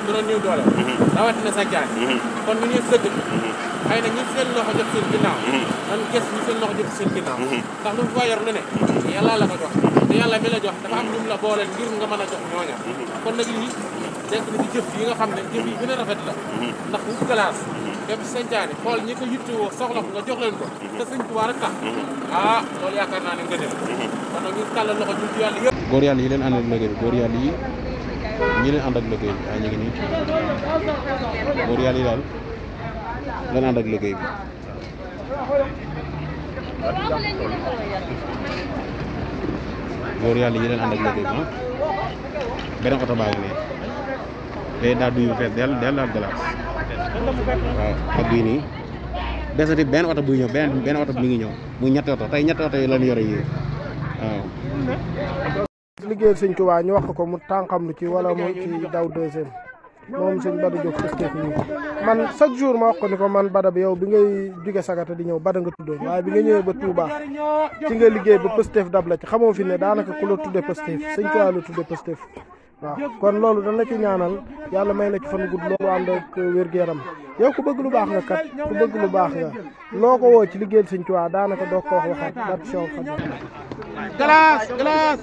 xam ne doon néew doole mm-hmm. rawatina sa mm-hmm. kon ñu ñuy sëgg mm-hmm. xëy na ñi seen loxo jot seen ginnaaw man gis ñi seen loxo jot seen ginnaaw ndax lu mu fa yor lu ne yàlla la ko jox te yàlla mi la jox dafa am ñum la boole ngir nga mën a jox ñooña kon nag lii nekk na ci jëf yi nga xam ne jëf yi gën a rafet la ndax wut glace dem santaane xool ñi ko yittewoo soxla ko nga jox leen ko te sëñ Tuubaa rek tax ah loolu yaakaar naa ne nga dem kon nag ñu tàllal ñi leen ànd ak liggéey bi waaye ah, ñu ngi nii yàlla yi daal lan ànd ak liggéey bi. góor yàlla yi leen ànd ak liggéey bi ah. beneen oto baa ngi nii day daal duy fees del del daal glace waaw ak bii nii desati benn oto buy ñu benn benn oto bi mi ngi ñëw muy ñetti oto tey ñetti oto yi lan yore yi waaw liggéey sëñ Tuubaa ñu wax ko mu tànqamlu ci wala mu ci daw deuxième moom sëñ Bada Diop pësteef nii man chaque jour ma wax ko ni ko man Bada bi yow bi ngay jóge sagata di ñëw Bada nga tuddoon waaye bi nga ñëwee ba Touba ci nga liggéey ba pësteef dab la ci xamoo fi ne daanaka ku la tudde pësteef sëñ Tuubaa la tudde pësteef waaw kon loolu dañ la ci yàlla may la ci fan gudd loolu ànd ak wér-gu-yaram ku bëgg lu baax nga kat ku bëgg lu baax nga loo ko woo ci liggéeyal Sëñ daanaka doo ko wax waxaat dat sion xam glace glace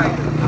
glace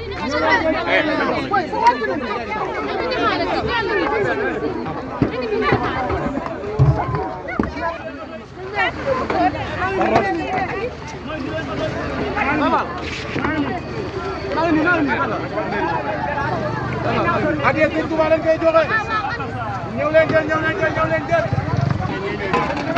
addiya Sëriñ Tuubaa lañ koy joxe ñëw leen jël ñëw leen jël ñëw leen jël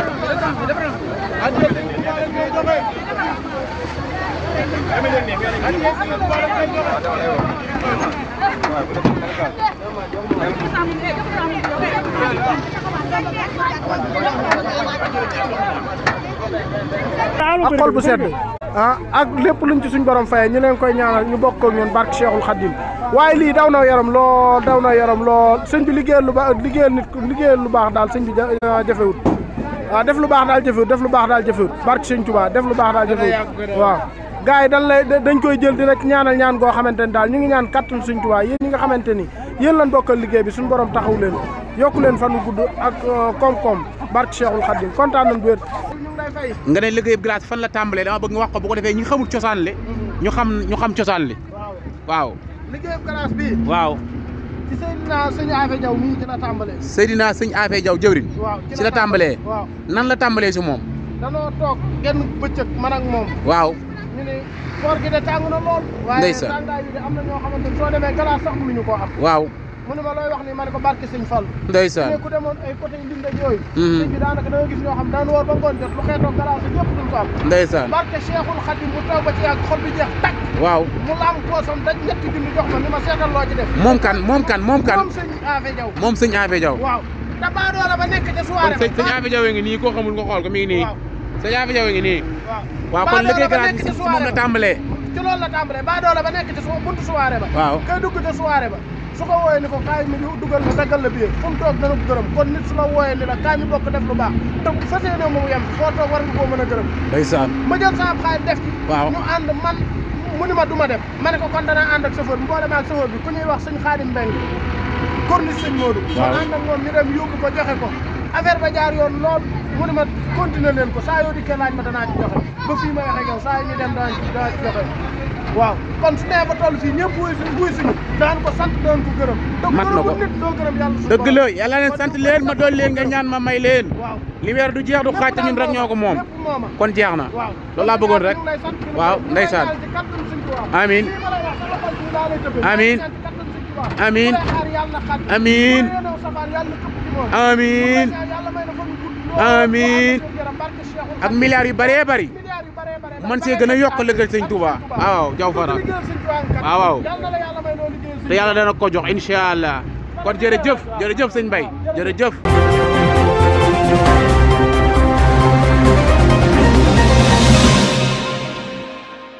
ak xol bu sedd ah ak lépp luñ ci suñ borom fayee ñu leen koy ñaanal ñu bokk ak ñun barke Cheikhul waaye lii daw na yaram lool daw na yaram lool sëñ bi liggéeyal lu baax liggéeyal nit liggéeyal lu baax daal sëñ bi jafewut waaw def lu baax daal jëfewut def lu baax daal jëfewut barke Sëñ Tuubaa def lu baax daal jëfewut waaw gars yi dañ dañ koy jël di rek ñaanal ñaan goo xamante ni daal ñu ngi ñaan kattan Sëñ Tuubaa yéen ñi nga xamante ni yéen lan bokkal liggéey bi suñu borom taxaw leen yokku leen fanu ak euh, koom-koom barke Cheikhul Khadim kontaan nañ bu wér nga ne liggéey bi fan la tàmbalee dama bëgg nga wax ko bu ko defee ñi xamul cosaan li ñu xam ñu xam cosaan li waaw liggéey glace bi waaw ci Seydina sëñ Afe Diaw mii ci la tàmbalee. Seydina sëñ Afe Diaw jëwriñ. la tàmbalee waaw nan la si moom. danoo toog genn bëccëg moom. waaw ñu ne koor gi de tàng na waaye tàngaay bi de am na ñoo xamante ne soo demee galaas sax mënuñu koo am. waaw. mu ne ma looy wax ni ma ne ko barke sëñ Fall ndeysaan ne ku demoon mhm. ba ngoon lu xeetoo galaas yëpp duñ ko am ndeysaan barke Cheikhul Khadim bu taw ba ci yàgg xol bi jeex tàkk waaw mu laam poosam daj ñetti junni jox ma ni ma seetal loo def moom kan moom kan moom kan moom sëñ Afe Diaw moom sëñ Afe Diaw waaw da doola ba nekk ca soirée ba sëñ Afe Diaw ngi nii koo xamul nga xool ko mi ngi nii sëñ Afe ngi nii waaw kon liggéey galaas bi moom la ba waaw kay dugg su ko wooyee ni ko kaay mi ñu dugal la daggal la biir fu mu dana ko gërëm kon nit su la wooyee ni la kaay mi bokk def lu baax te bu fas yem foo toog war nga koo mën a gërëm ndeysaan ma jël sama def ñu ànd man mu ni ma du ma dem ma ne ko kon danaa ànd ak chauffeur bi boo ak chauffeur bi ku ñuy wax sëñ Xaadim Mbeng corniche sëñ Modou kon ànd ak moom ñu dem yóbbu ko joxe ko affaire ba jaar yoon lool mu ne ma continuer leen ko saa yoo dikkee laaj ma danaa joxe ba waaw kon su nee sant doon ko gërëm mat na ko dëgg la yàlla ne sant leen ma doon leen nga ma may leen waaw du jeex du xaaj ñun rek ñoo ko moom kon jeex na loolu bëggoon rek waaw ndeysaan amiin amiin amiin amiin amiin amiin ak milliards yu bëree bëri man see gën a yokk liggéey sëñ Touba waaw jaw fara waaw waaw te yàlla dana ko jox incha allah kon jërëjëf jërëjëf sëñ Mbaye jërëjëf